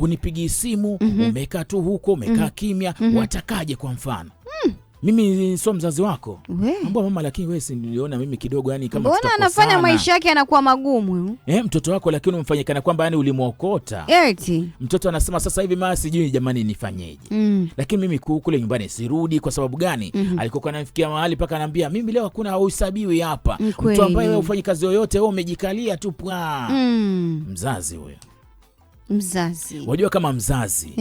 hunipigii simu mm -hmm. umekaa tu huko umekaa mm -hmm. kimya mm -hmm. watakaje kwa mfano mm. Mimi sio mzazi wako ambao mama, lakini wewe si niliona mimi kidogo, yani kama mbona anafanya maisha yake yanakuwa magumu eh, mtoto wako, lakini umfanye kana kwamba yani ulimwokota eti mtoto anasema sasa hivi mama sijui jamani nifanyeje? mm. Lakini mimi kule nyumbani sirudi. Kwa sababu gani? mm -hmm. Alikuwa anafikia mahali mpaka anaambia mimi leo hakuna uhesabiwi hapa, mtu ambaye wewe ufanye kazi yoyote, wewe umejikalia tu pwa. mm. Mzazi huyo mzazi. Unajua kama mzazi,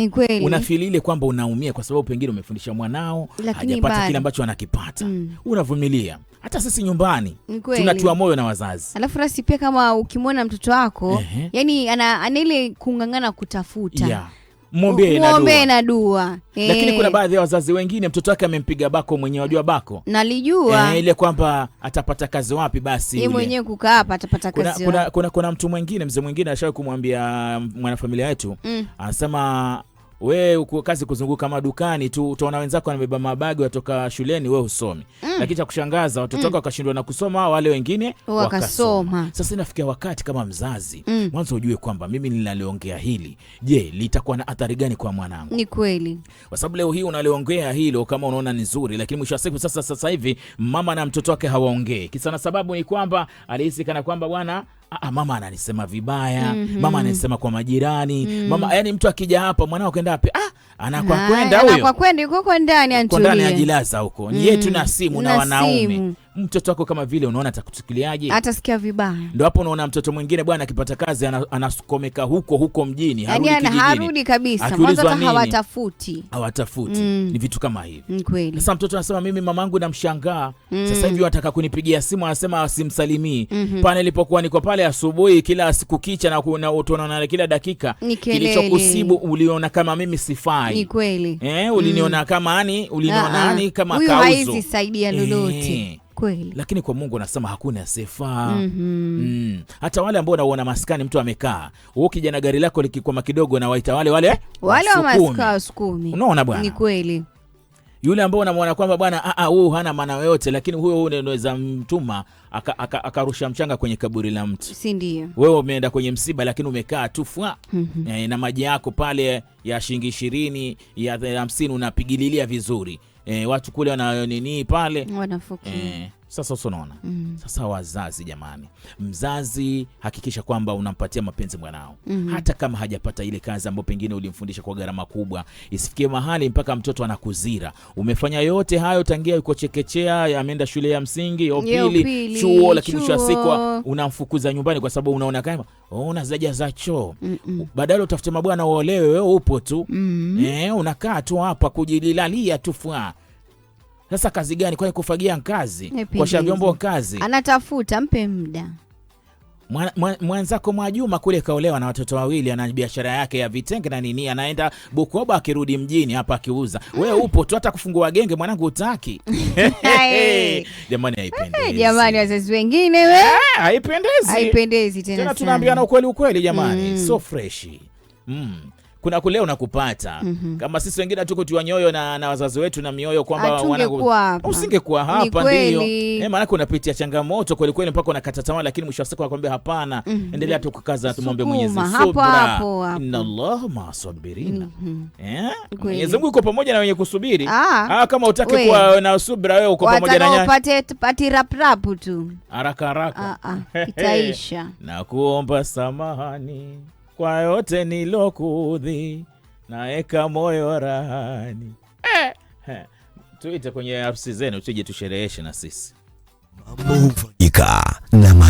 unafili ile kwamba unaumia kwa sababu pengine umefundisha mwanao hajapata kile ambacho anakipata mm. Unavumilia. Hata sisi nyumbani tunatiwa moyo na wazazi, alafu rasi pia kama ukimwona mtoto wako yani ana ile kung'ang'ana kutafuta yeah mwombee na dua e. Lakini kuna eh. baadhi ya wazazi wengine mtoto wake amempiga bako mwenye wajua bako nalijua e, ile kwamba atapata kazi wapi basi yeye mwenyewe kukaa hapa atapata kazi wapi. Kuna, kuna, kuna, kuna mtu mwingine mzee mwingine alishawahi kumwambia mwanafamilia wetu mm. anasema we kazi kuzunguka madukani tu, utaona wenzako wanabeba mabagi watoka shuleni, we usomi mm. Lakini cha kushangaza watotoka mm. wakashindwa na kusoma, wale wengine wakasoma, Sasa inafikia wakati kama mzazi mm. mwanzo ujue kwamba mimi ninaliongea hili, je, litakuwa na athari gani kwa mwanangu? Ni kweli, kwa sababu leo hii unaliongea hilo kama unaona ni zuri, lakini mwisho wa siku sasa, sasa hivi mama na mtoto wake hawaongee kisa na sababu ni kwamba alihisi kana kwamba bwana Ah, ah, mama ananisema vibaya mm -hmm. Mama anasema kwa majirani mm -hmm. Mama yani, mtu akija hapa mwanao kenda wapi? Ah, kwenda huyo kwenda huko ndani, anajilaza huko. Ni mm. yetu na simu na wanaume mtoto wako kama vile unaona atakuchukuliaje? Atasikia vibaya. Ndio hapo unaona mtoto mwingine bwana akipata kazi anasukomeka huko huko mjini, harudi yani kijijini. Harudi kabisa. Mwanzo hata hawatafuti. Hawatafuti. Mm. Ni vitu kama hivi. kweli. Sasa mtoto anasema mimi mamangu namshangaa. Mm. Sasa hivi wataka kunipigia simu anasema asimsalimii. Mm -hmm. Pale nilipokuwa niko pale asubuhi kila siku kicha na kuna utunaona kila dakika kilichokusibu uliona kama mimi sifai. Ni kweli. Eh, uliniona mm. kama ani, uliniona ah, ah. ani kama kauzo. Huyu haizi saidia lolote. Eh kweli, lakini kwa Mungu anasema hakuna asiyefaa. mm -hmm. mm. Hata wale ambao unaona maskani mtu amekaa, wewe kijana, gari lako likikwama kidogo, nawaita waita wale wale wale wa maskani wasukumi. Unaona bwana, ni kweli yule ambao unamwona kwamba bwana ah, ah, huyu hana maana yoyote, lakini huyo unaweza mtuma akarusha aka, aka mchanga kwenye kaburi la mtu, si ndio? Wewe umeenda kwenye msiba, lakini umekaa tu fwa mm -hmm. E, na maji yako pale ya shilingi ishirini ya hamsini unapigililia vizuri e, watu kule wana nini pale wanafukia e. Sasa unaona mm. Sasa wazazi jamani, mzazi hakikisha kwamba unampatia mapenzi mwanao mm -hmm. hata kama hajapata ile kazi ambayo pengine ulimfundisha kwa gharama kubwa, isifikie mahali mpaka mtoto anakuzira. Umefanya yote hayo tangia yuko chekechea, ameenda shule ya msingi, upili, chuo, lakini chuo. wa siku unamfukuza nyumbani kwa sababu unaona kama una zaja za choo mm -mm. badala utafute mabwana uolewe, wewe upo tu mm -hmm. eh, unakaa tu hapa kujililalia tu fua sasa kazi gani? Kwani kufagia ngazi, kuosha vyombo kazi Anatafuta, mpe muda. Mwanzako Mwajuma kule kaolewa na watoto wawili, ana biashara yake ya vitenge na nini, anaenda Bukoba akirudi mjini hapa akiuza. Wewe mm. upo tu, hata kufungua genge mwanangu utaki. Jamani, haipendezi jamani, wazazi wengine, we ah, haipendezi, haipendezi tena, tunaambiana ukweli ukweli jamani, mm. so freshi mm kuna kuleo unakupata mm -hmm. Kama sisi wengine hatuko tiwa nyoyo na, na wazazi wetu na mioyo kwamba usingekuwa hapa, ndio eh, maana unapitia changamoto kweli kweli mpaka unakata tamaa, lakini mwisho wa siku akwambia hapana, mm -hmm. Endelea tu kukaza, tumwombe Mwenyezi subra, inna Allah masabirina mm -hmm. eh? Mwenyezi Mungu uko pamoja na wenye kusubiri. Ah, ah kama utaki kuwa na subra wewe uko pamoja na nyanya, upate pati rap rap tu haraka haraka, ah, ah, itaisha na kuomba samahani kwa yote nilokudhi, naeka moyo rahani. Eh, tuite kwenye apsi zenu tuje tushereheshe na sisi mambo hufanyika na